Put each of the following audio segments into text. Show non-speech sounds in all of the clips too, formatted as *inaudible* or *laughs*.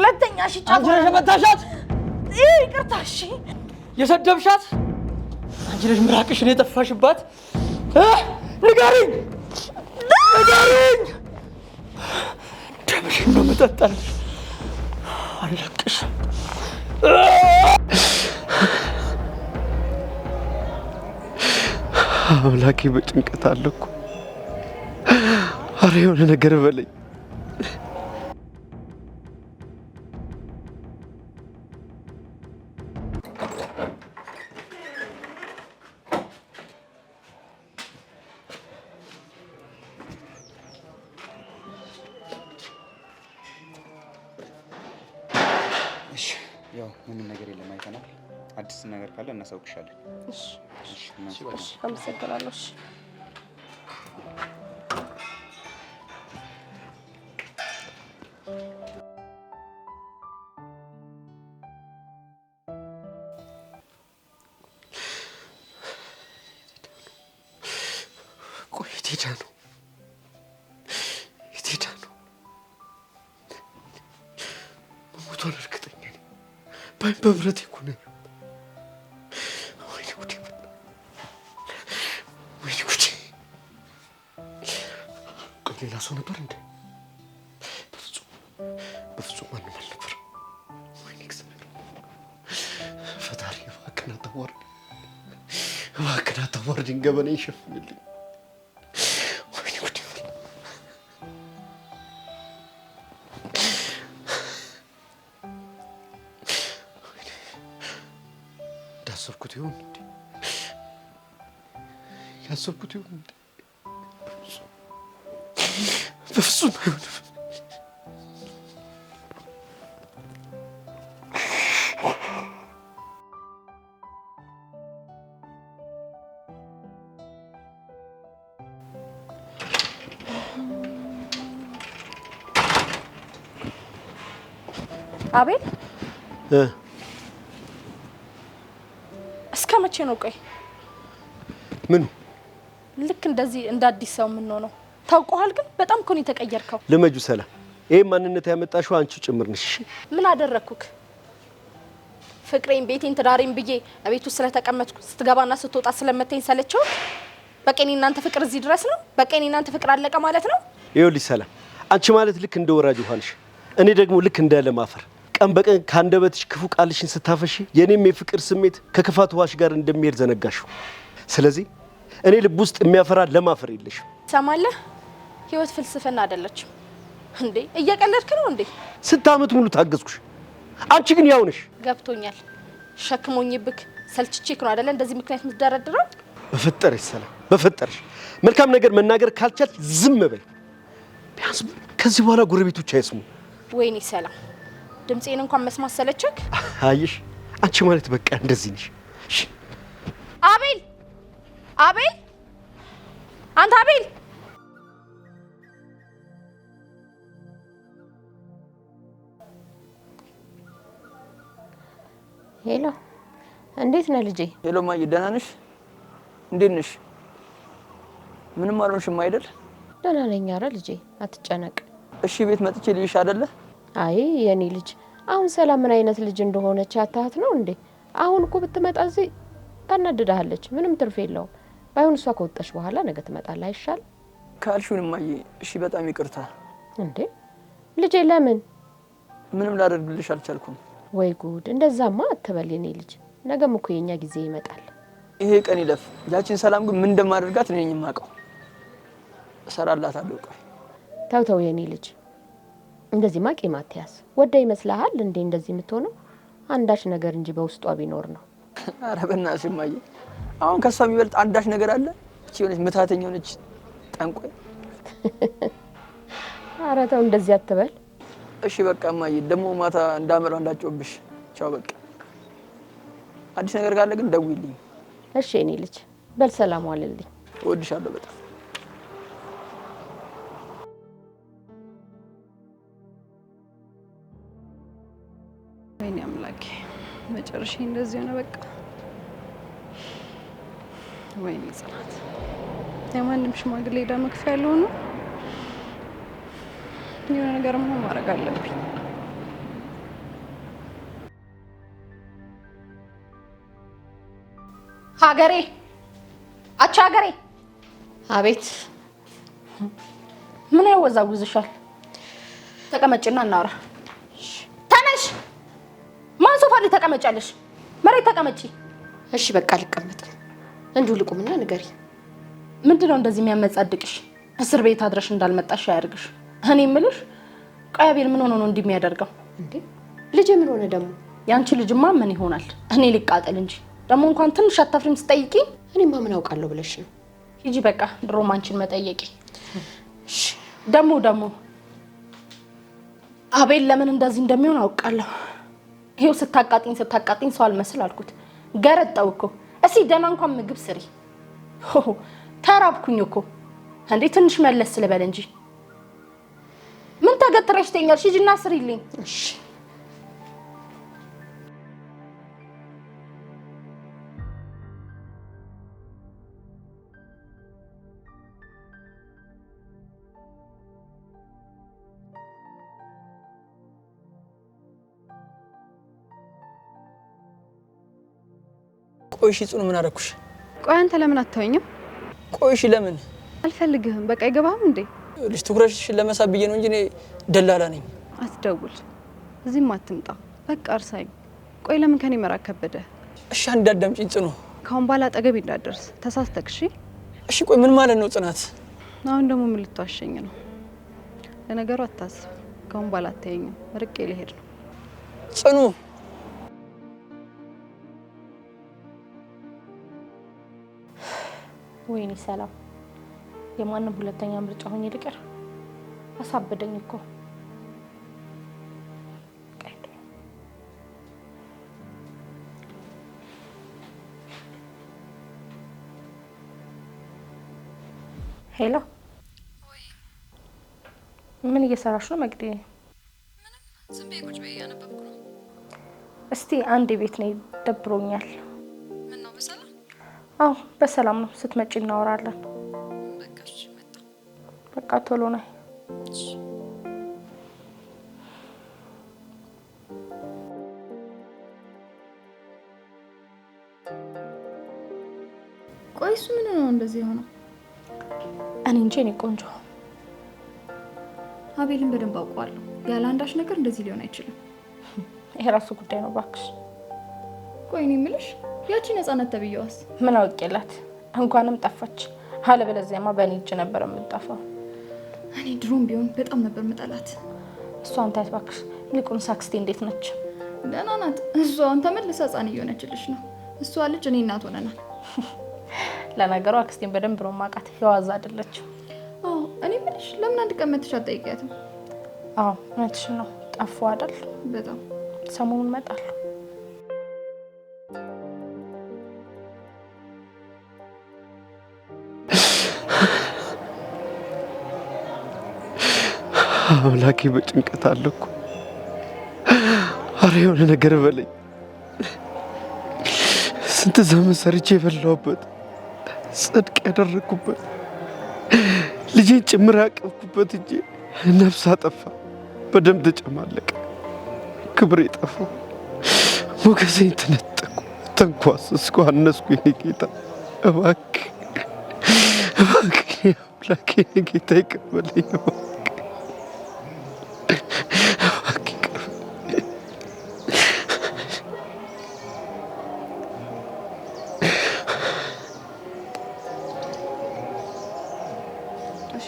ሁለተኛ ሽጫ አንቺ ነሽ የመታሻት? ይቅርታ። እሺ የሰደብሻት አንቺ ነሽ። ምራቅሽን የጠፋሽባት ንገሪኝ፣ ንገሪኝ። ደምሽን ነው አምላኬ፣ በጭንቀት አለኩ። አረ የሆነ ነገር በለኝ። የሚያስመስል ነገር ካለ እናሳውቅሻለን። አመሰግናለሁ። በብረት ይኩነን ሰው ነበር እንዴ? በፍጹም በፍጹም ማንም አልነበር። ወይኔ እግዚአብሔር ፈጣሪ እባክህን አታዋርድ፣ እባክህን አታዋርድ፣ ገበናዬን ይሸፍንልኝ። ወይኔ ይሁን እንዴ? ያሰብኩት ይሁን እንዴ? በፍጹም አይሆንም። አቤል እስከ መቼ ነው? ቆይ ምኑ ልክ እንደዚህ እንደ አዲስ ሰው የምንሆነው? ታውቀዋል። ግን በጣም እኮ ነው የተቀየርከው። ልመጁ ሰላም፣ ይሄ ማንነት ያመጣሽው አንቺ ጭምር ነሽ። ምን አደረግኩክ? ፍቅሬን፣ ቤቴን፣ ትዳሬን ብዬ ቤት ውስጥ ስለተቀመጥኩ ስትገባና ስትወጣ ስለመተኝ ሰለቸው። በቃ እኔ እናንተ ፍቅር እዚህ ድረስ ነው። በቃ እኔ እናንተ ፍቅር አለቀ ማለት ነው። ይኸውልሽ ሰላም፣ አንቺ ማለት ልክ እንደ ወራጅ ውሃ ነሽ፣ እኔ ደግሞ ልክ እንደ ለም አፈር ቀን በቀን ከአንደበትሽ ክፉ ቃልሽን ስታፈሺ የኔም የፍቅር ስሜት ከክፋት ውሃሽ ጋር እንደሚሄድ ዘነጋሽው። ስለዚህ እኔ ልብ ውስጥ የሚያፈራ ለማፈር የለሽም። ሰማለህ? ህይወት ፍልስፍና አይደለችም እንዴ? እየቀለድክ ነው እንዴ? ስንት ሙሉ ታገዝኩሽ፣ አንቺ ግን ያው ነሽ። ገብቶኛል። ሸክሞኝብክ ሰልችቼክ ነው አይደለ? እንደዚህ ምክንያት የምትደረድረው። በፈጠረሽ ሰላም፣ በፈጠረሽ መልካም ነገር መናገር ካልቻል ዝም በይ። ቢያንስ ከዚህ በኋላ ጎረቤቶች አይስሙ። ወይኔ ሰላም፣ ድምፄን እንኳን መስማት ሰለቸክ። አየሽ፣ አንቺ ማለት በቃ እንደዚህ ነሽ። አቤል፣ አቤል፣ አንተ አቤል ሄሎ፣ እንዴት ነህ ልጄ? ሄሎ ማዬ፣ ደህና ነሽ? እንዴት ነሽ? ምንም አልሆንሽም አይደል? ደህና ነኝ። ኧረ ልጄ አትጨነቅ። እሺ፣ ቤት መጥቼ ልይሽ አይደለ? አይ የኔ ልጅ፣ አሁን ሰላም ምን አይነት ልጅ እንደሆነች አታህት ነው እንዴ? አሁን እኮ ብትመጣ እዚህ ታናድዳለች። ምንም ትርፍ የለውም። ባይሆን እሷ ከወጣች በኋላ ነገ ትመጣለህ አይሻል? ካልሽውን ማዬ። እሺ፣ በጣም ይቅርታ። እንዴ ልጄ፣ ለምን? ምንም ላደርግልሽ አልቻልኩም። ወይ ጉድ! እንደዛማ አትበል የኔ ልጅ፣ ነገም እኮ የኛ ጊዜ ይመጣል። ይሄ ቀን ይለፍ። ያችን ሰላም ግን ምን እንደማደርጋት እኔ ነኝ የማውቀው። እሰራላታለሁ። ቆይ ተው ተው የኔ ልጅ፣ እንደዚህ ማቂ ማትያስ ወደ ይመስልሃል እንዴ? እንደዚህ የምትሆነው አንዳች ነገር እንጂ በውስጧ ቢኖር ነው። ኧረ *laughs* በእናትሽ እማዬ፣ አሁን ከሷ የሚበልጥ አንዳች ነገር አለ? እቺ የሆነች ምታተኛ ሆነች ጠንቆይ። ኧረ *laughs* ተው እንደዚህ አትበል። እሺ በቃ እማዬ፣ ደግሞ ማታ እንዳመራ እንዳጮብሽ። ቻው በቃ። አዲስ ነገር ካለ ግን ደውይልኝ እሺ? የኔ ልጅ በል ሰላም ዋልልኝ። እወድሻለሁ በጣም ወይኔ አምላኬ፣ መጨረሻ እንደዚህ ሆነ። በቃ ወይኔ ጽናት፣ የማንም ሽማግሌ ዕዳ መክፈያ ያለው ነው። አለብኝ፣ የሆነ ነገር ማድረግ አለብኝ። ሀገሬ አቻ ሀገሬ፣ አቤት። ምን ያወዛውዝሻል? ተቀመጭና እናውራ። ተነሽ፣ ማን ሶፋ ላይ ተቀመጫለሽ? መሬት ተቀመጪ። እሺ በቃ ልቀመጥ። እንዲሁ ልቁምና ንገሪ። ምንድነው እንደዚህ የሚያመጻድቅሽ? እስር ቤት አድረሽ እንዳልመጣሽ አያድርግሽ። እኔ የምልሽ ቆይ አቤል ምን ሆኖ ነው እንዲህ የሚያደርገው? እንዴ ልጅ ምን ሆነ ደግሞ? ያንቺ ልጅማ ምን ይሆናል? እኔ ልቃጠል እንጂ ደግሞ እንኳን ትንሽ አታፍሪም ስጠይቂ? እኔማ ምን አውቃለሁ ብለሽ ነው። ሂጂ በቃ ድሮም አንቺን መጠየቂ። ደግሞ ደግሞ አቤል ለምን እንደዚህ እንደሚሆን አውቃለሁ። ይሄው ስታቃጥኝ ስታቃጥኝ ሰው አልመስል አልኩት። ገረጠው እኮ እሲ ደህና እንኳን ምግብ ስሪ። ተራብኩኝ እኮ እንዴ ትንሽ መለስ ስልበል እንጂ ገትረሽ ተኛልሽ። ሂጂና ስሪልኝ። ቆይሽ ቆይሺ ጽኑ፣ ምን አደረኩሽ? ቆይ አንተ ለምን አታወኝም? ቆይሺ ለምን አልፈልግህም። በቃ ይገባህም እንዴ? ልጅ ትኩረትሽን ለመሳብ ብዬ ነው እንጂ እኔ ደላላ ነኝ። አትደውል፣ እዚህም አትምጣ። በቃ እርሳኝ። ቆይ ለምን ከኔ መራቅ ከበደ? እሺ እንዳዳምጪኝ ጽኑ፣ ካሁን በኋላ አጠገቤ እንዳደርስ ተሳስተክ። እሺ እሺ። ቆይ ምን ማለት ነው ጽናት? አሁን ደግሞ ምን ልትዋሸኝ ነው? ለነገሩ አታስብ፣ ካሁን በኋላ አታየኝም። ርቄ ልሄድ ነው ጽኑ ወይኔ ሰላም የማንም ሁለተኛ ምርጫ ሆኜ ልቀር? አሳበደኝ እኮ ሄሎ፣ ምን እየሰራሽ ነው መግዴ? እስቲ አንድ ቤት ነው ደብሮኛል። አዎ፣ በሰላም ነው። ስትመጪ እናወራለን። በቃ ቶሎ ነይ። ቆይ እሱ ምን ነው እንደዚህ የሆነው? እኔ እንጂ እኔ ቆንጆ አቤልን በደንብ አውቀዋለሁ። ያለ አንዳች ነገር እንደዚህ ሊሆን አይችልም። የራሱ ጉዳይ ነው እባክሽ። ቆይ እኔ የምልሽ ያቺ ነፃነት ተብዬዋስ ምን አውቄላት? እንኳንም ጠፋች። አለበለዚያማ በእኔ እጅ ነበር የምጠፋው። እኔ ድሮም ቢሆን በጣም ነበር ምጠላት። እሷን አንተ አትባክሽ። ይልቁን አክስቴ እንዴት ነች? ደህና ናት። እሷን ተመልሳ ህፃን እየሆነችልሽ ነው። እሷ ልጅ እኔ እናት ሆነናል። *laughs* ለነገሩ አክስቴን በደንብ ነው የማውቃት። የዋዛ አይደለችም። አዎ እኔ ምንሽ ለምን አንድ ቀን መተሽ አትጠይቂያትም? አዎ እውነትሽን ነው። ጠፋሁ አይደል? በጣም ሰሞኑን እመጣለሁ። አምላኬ በጭንቀት አለኩ። አረ የሆነ ነገር በለኝ። ስንት ዘመን ሰርቼ የበላሁበት ጽድቅ ያደረግኩበት ልጄን ጭምር ያቀፍኩበት እጄ ነፍስ አጠፋ፣ በደም ተጨማለቀ፣ ክብሬ ጠፋ፣ ሞገሴን ተነጠቁ፣ ተንኳሰስኩ፣ አነስኩ። የኔ ጌታ እባክህ እባክህ አምላኬ ጌታ ይቅር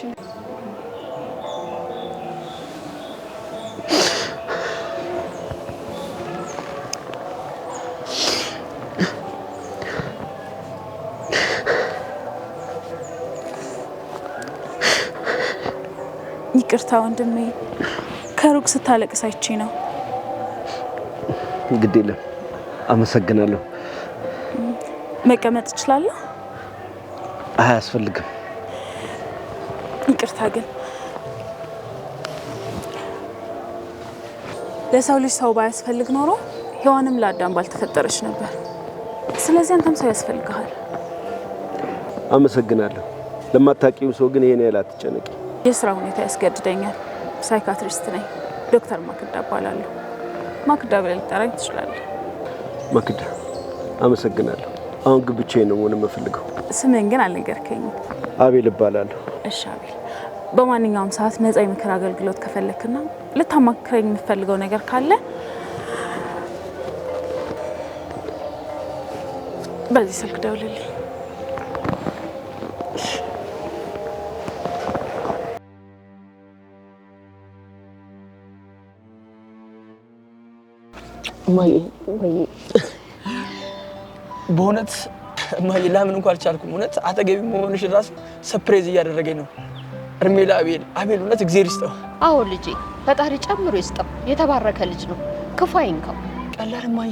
ይቅርታ ወንድሜ፣ ከሩቅ ስታለቅስ አይቼ ነው። ግድ የለም አመሰግናለሁ። መቀመጥ እችላለሁ? አያስፈልግም። ግን ለሰው ልጅ ሰው ባያስፈልግ ኖሮ ሔዋንም ለአዳም ባልተፈጠረች ነበር። ስለዚህ አንተም ሰው ያስፈልግሃል። አመሰግናለሁ። ለማታውቂውም ሰው ግን ይሄን ያህል አትጨነቂ። የስራ ሁኔታ ያስገድደኛል። ሳይካትሪስት ነኝ። ዶክተር ማክዳ እባላለሁ። ማክዳ ብለህ ልጠራኝ ትችላለህ። ማክዳ አመሰግናለሁ። አሁን ግን ብቻዬን ነው መሆን የምፈልገው። ስምህን ግን አልነገርከኝም። አቤል እባላለሁ። እሺ አቤል በማንኛውም ሰዓት ነጻ የምክር አገልግሎት ከፈለክና ልታማክረኝ የምትፈልገው ነገር ካለ በዚህ ስልክ ደውልልኝ። በእውነት እማዬ ላምን እንኳ አልቻልኩም። እውነት አጠገቢ መሆንሽ ራሱ ሰፕሬዝ እያደረገኝ ነው። እድሜ ለአቤል። አቤል እውነት እግዜር ይስጠው። አዎ ልጄ ፈጣሪ ጨምሮ ይስጠው። የተባረከ ልጅ ነው፣ ክፉ አይንካው። ቀላል እማዬ፣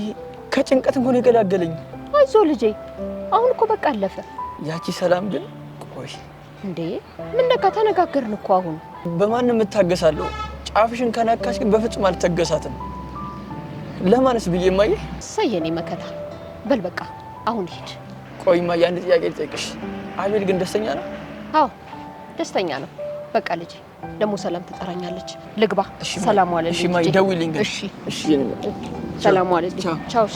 ከጭንቀት እንኳን የገላገለኝ። አይዞ ልጄ፣ አሁን እኮ በቃ አለፈ። ያቺ ሰላም ግን ቆይ እንዴ፣ ምን ነካ? ተነጋገርን እኮ አሁን። በማንም እታገሳለሁ፣ ጫፍሽን ከነካሽ ግን በፍጹም አልተገሳትም። ለማንስ ብዬ እማዬ። ሰየኔ መከታ በል በቃ አሁን ሂድ። ቆይ እማዬ፣ አንድ ጥያቄ ልጠይቅሽ። አቤል ግን ደስተኛ ነው? አዎ ደስተኛ ነው። በቃ ልጅ ደግሞ ሰላም ትጠራኛለች። ልግባ። ሰላም ዋለልኝ። እሺ፣ ደውይልኝ። እሺ፣ እሺ፣ ሰላም ዋለልኝ። ቻው። እሺ ደውይልኝ እሺ እሺ ሰላም ዋለልኝ ቻው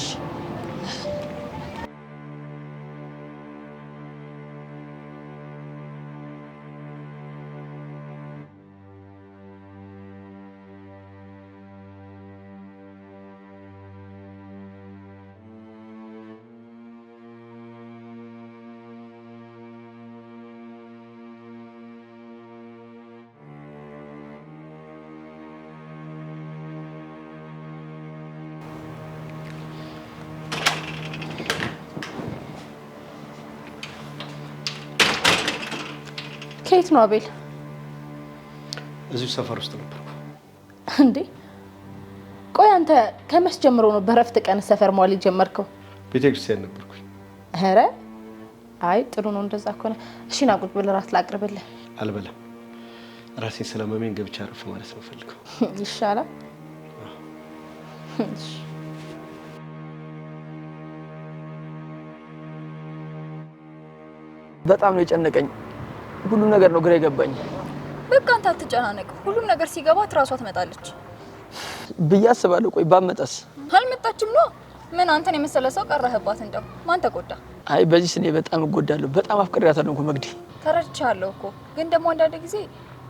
ከየት ነው አቤል? እዚሁ ሰፈር ውስጥ ነበርኩ። እንዴ ቆይ አንተ ከመስ ጀምሮ ነው በረፍት ቀን ሰፈር መዋል ጀመርከው ቤተክርስቲያን ነበርኩ ኧረ አይ ጥሩ ነው እንደዛ ከሆነ እሺ፣ ና ቁጭ ብለህ ራት ላቅርብልህ። አልበላም፣ ራሴን ስለማመኝ ገብቼ አረፍ ማለት ነው ፈልገው *laughs* ይሻላል። በጣም ነው የጨነቀኝ ሁሉም ነገር ነው ግራ የገባኝ። በቃ አንተ አትጨናነቅ። ሁሉም ነገር ሲገባት እራሷ ትመጣለች ብዬ አስባለሁ። ቆይ ባመጣስ? አልመጣችም ነው ምን አንተን የመሰለ ሰው ቀረህባት? እንደው ማን ተጎዳ? አይ በዚህ ስኔ በጣም እጎዳለሁ። በጣም አፍቅሬያታለሁ እኮ መግዲ። ተረድቻለሁ እኮ ግን ደግሞ አንዳንድ ጊዜ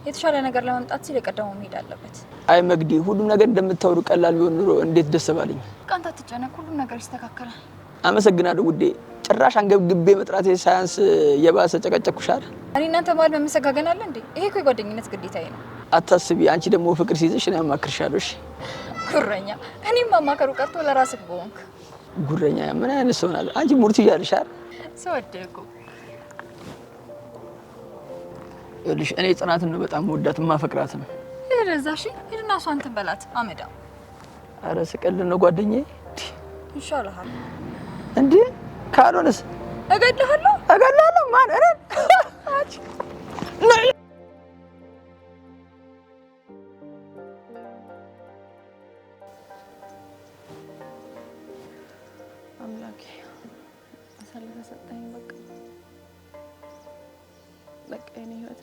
የተሻለ ነገር ለማምጣት ሲል የቀደመው መሄድ አለበት። አይ መግዲ፣ ሁሉም ነገር እንደምታወሩ ቀላል ቢሆን ኑሮ እንዴት ደስ ባለኝ። በቃ አንተ አትጨነቅ፣ ሁሉም ነገር ይስተካከላል። አመሰግናለሁ ውዴ። ጭራሽ አንገብግቤ መጥራት ሳያንስ የባሰ ጨቀጨኩሻል። እኔ እናንተ መሀል መመሰጋገናለን እንዴ? ይሄ እኮ የጓደኝነት ግዴታዬ ነው። አታስቢ፣ አንቺ ደግሞ ፍቅር ሲይዝሽ ነው አማክርሻለሁ። እሺ ጉረኛ። እኔም ማማከሩ ቀርቶ ለራስህ ቦንክ ጉረኛ። ምን አይነት ሰው ናት አንቺ? ሙርት እያልሻል ሰወደኩ ልሽ እኔ ጽናትን ነው በጣም ወዳት ማፈቅራት ነው። ይረዛ እሺ፣ ሂድና እሷን ትበላት አመዳ። አረ ስቀል ነው ጓደኛዬ። ይሻልሃል እንዴ ካልሆነስ እገድልሃለሁ እገድልሃለሁ ማን እረን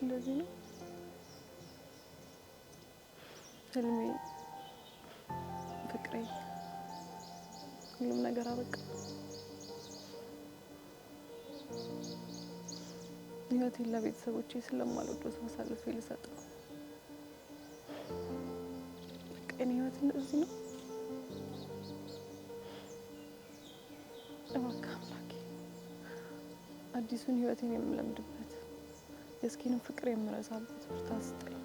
እንደዚህ ነው። ህልሜ፣ ፍቅሬ፣ ሁሉም ነገር አበቃ። ህይወቴን ለቤተሰቦቼ ስለማልወዱት አሳልፌ ልሰጥ ነው። ቀን ህይወት እንደዚህ ነው። እባክህ አምላኬ አዲሱን ህይወቴን የምለምድበት የእስኪንም ፍቅር የምረሳበት ብርታት ስጠኝ።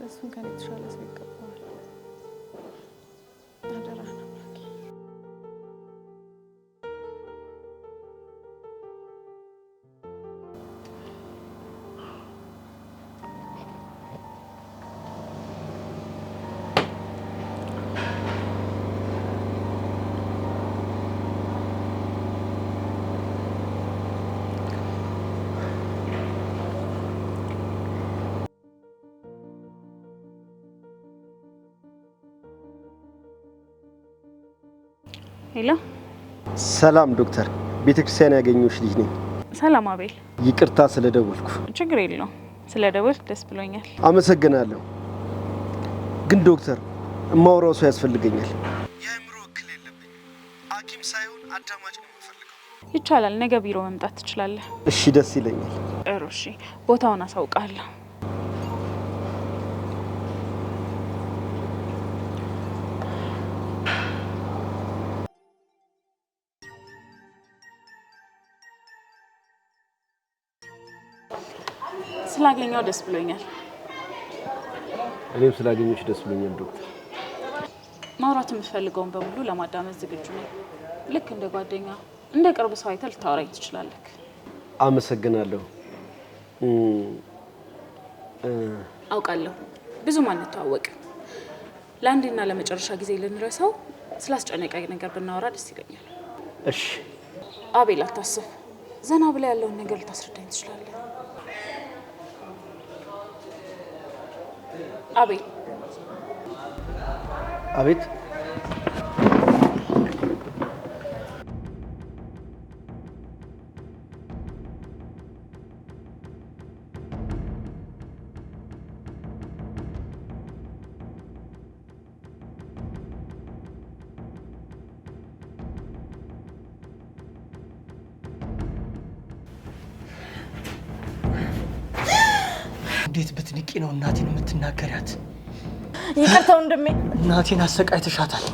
ለእሱን ከኔ የተሻለ ሰው ይገባል። ሄሎ፣ ሰላም ዶክተር፣ ቤተክርስቲያን ያገኘሁሽ ልጅ ነኝ። ሰላም አቤል፣ ይቅርታ ስለደወልኩ ችግር የለውም፣ ስለ ደስ ብሎኛል። አመሰግናለሁ። ግን ዶክተር፣ እማወራው ሰው ያስፈልገኛል። የአእምሮ እክል የለብኝ፣ ሐኪም ሳይሆን አዳማጭ ነው የምፈልገው። ይቻላል፣ ነገ ቢሮ መምጣት ትችላለህ። እሺ፣ ደስ ይለኛል። ጥሩ፣ እሺ፣ ቦታውን አሳውቃለሁ። ስላገኘው ደስ ብሎኛል። እኔም ስላገኘች ደስ ብሎኛል ዶክተር። ማውራት የምፈልገውን በሙሉ ለማዳመጥ ዝግጁ ነኝ። ልክ እንደ ጓደኛ፣ እንደ ቅርብ ሰው አይተህ ልታወራኝ ትችላለህ። አመሰግናለሁ። አውቃለሁ ብዙም አንተዋወቅም። ለአንድና ለመጨረሻ ጊዜ ልንረሳው ስላስጨነቀ ነገር ብናወራ ደስ ይለኛል። እሺ አቤል፣ አታስብ። ዘና ብላ ያለውን ነገር ልታስረዳኝ ትችላለህ። አቤል አቤት እንዴት ብትንቂ ነው እናቴን የምትናገሪያት? ይቅርታ ወንድሜ፣ እናቴን አሰቃይተሻታል።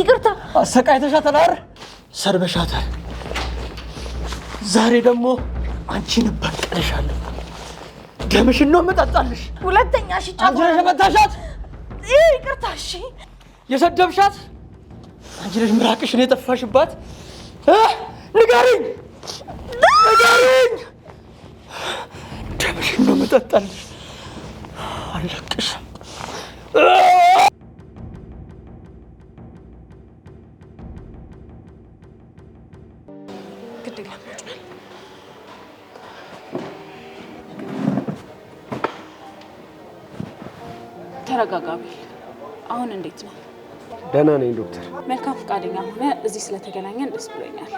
ይቅርታ አሰቃይተሻታል። አር ሰርበሻታል። ዛሬ ደግሞ አንቺን እበቀልሻለሁ። ደምሽን ነው የምጠጣልሽ። ሁለተኛ ሽጫ መታሻት። ይቅርታ እሺ። የሰደብሻት አንቺ ነሽ። ምራቅሽን የጠፋሽባት ንገሪኝ ልጠጣልሽ አለቅሽም። ተረጋጋ ቢል አሁን እንዴት ነው? ደህና ነኝ ዶክተር። መልካም ፈቃደኛ ሆነ እዚህ ስለተገናኘን ደስ ብሎኛል።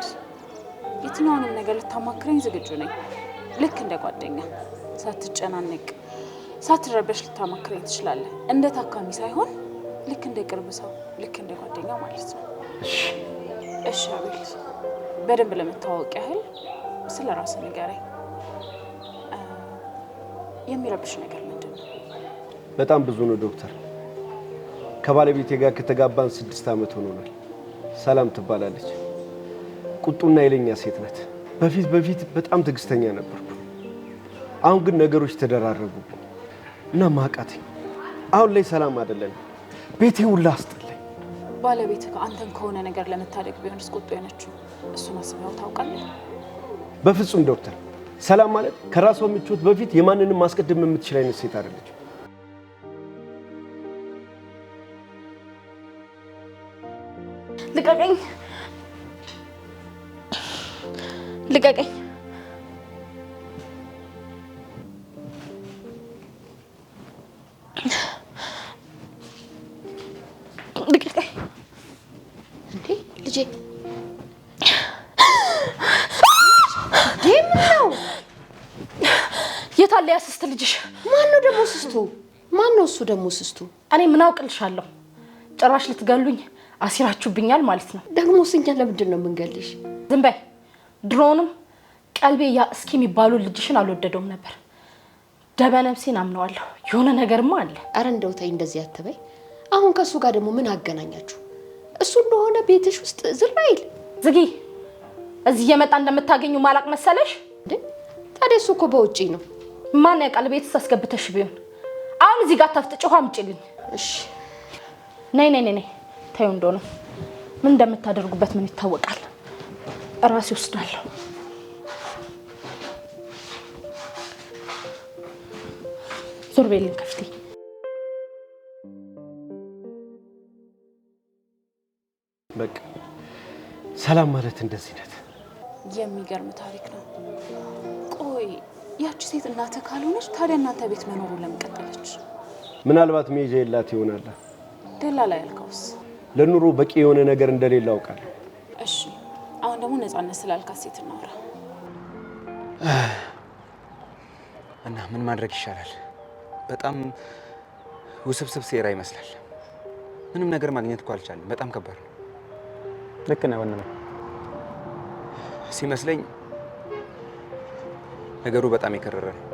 የትኛውንም ነገር ልታማክረኝ ዝግጁ ነኝ፣ ልክ እንደ ጓደኛ ሳትጨናነቅ ሳትረበሽ ልታማክረኝ ትችላለህ። እንደ ታካሚ ሳይሆን ልክ እንደ ቅርብ ሰው፣ ልክ እንደ ጓደኛ ማለት ነው። እሺ አቤል፣ በደንብ ለመታወቅ ያህል ስለ ራስህ ንገረኝ። የሚረብሽ ነገር ምንድን ነው? በጣም ብዙ ነው ዶክተር። ከባለቤቴ ጋር ከተጋባን ስድስት ዓመት ሆኖናል። ሰላም ትባላለች። ቁጡና ኃይለኛ ሴት ናት። በፊት በፊት በጣም ትዕግስተኛ ነበርኩ። አሁን ግን ነገሮች ተደራረጉ እና ማቃተኝ። አሁን ላይ ሰላም አይደለም። ቤቴ ሁላ አስጠላኝ። ባለቤት አንተን ከሆነ ነገር ለመታደግ ቢሆን ቁጡ የነችው እሱን አስበኸው ታውቃለህ? በፍጹም ዶክተር። ሰላም ማለት ከራሷ ምቾት በፊት የማንንም ማስቀደም የምትችል አይነት ሴት አይደለች። ልቀቀኝ! ልቀቀኝ! ነው የታለ ያ ስስት ልጅሽ? ማን ነው ደግሞ ስስቱ? ማን ነው እሱ ደግሞ ስስቱ? እኔ ምን አውቅልሻለሁ? ጭራሽ ልትገሉኝ አሲራችሁብኛል ማለት ነው። ደግሞ ስኛ ለምንድን ነው የምንገልሽ? ዝም በይ። ድሮውንም ቀልቤ ያ እስኪ የሚባሉ ልጅሽን አልወደደውም ነበር። ደበነብሴን አምነዋለሁ። የሆነ ነገርማ አለ። አረ እንደው ተይ እንደዚህ አትበይ። አሁን ከእሱ ጋር ደግሞ ምን አገናኛችሁ? እሱ እንደሆነ ቤትሽ ውስጥ ዝር አይል። ዝጊ! እዚህ እየመጣ እንደምታገኙ ማላቅ መሰለሽ? ታዲያ እሱ እኮ በውጪ ነው። ማን ያውቃል? ቤትስ አስገብተሽ ቢሆን አሁን እዚህ ጋር ታፍጥጭ ውሃ አምጪልኝ። እሺ፣ ነይ ነይ ነይ። ታዩ እንደሆነ ምን እንደምታደርጉበት ምን ይታወቃል? እራሴ ወስዳለሁ። ዞር በይልኝ በቃ ሰላም ማለት እንደዚህ ነት። የሚገርም ታሪክ ነው። ቆይ ያቺ ሴት እናተ ካልሆነች ታዲያ እናንተ ቤት መኖሩ ለምን ምናልባት መሄጃ የላት ይሆናል። ደላላ ያልከውስ? ለኑሮ በቂ የሆነ ነገር እንደሌለ አውቃለሁ። እሺ አሁን ደግሞ ነፃነት ስላልካት ሴት እናውራ እና ምን ማድረግ ይሻላል? በጣም ውስብስብ ሴራ ይመስላል። ምንም ነገር ማግኘት እኮ አልቻለም። በጣም ከባድ ነው። ልክ ነህ ወንድሜ። ሲመስለኝ ነገሩ በጣም የከረረ ነው።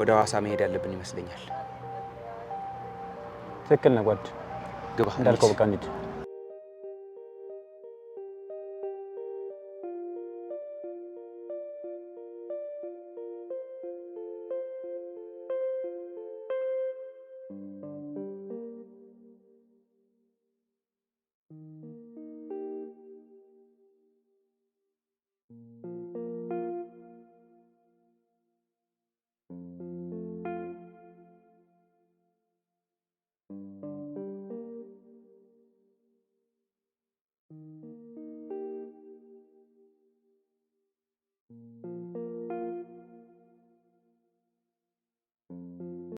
ወደ ሀዋሳ መሄድ ያለብን ይመስለኛል። ትክክል ነህ ጓድ። ግባ እንዳልከው በቃ እንሂድ።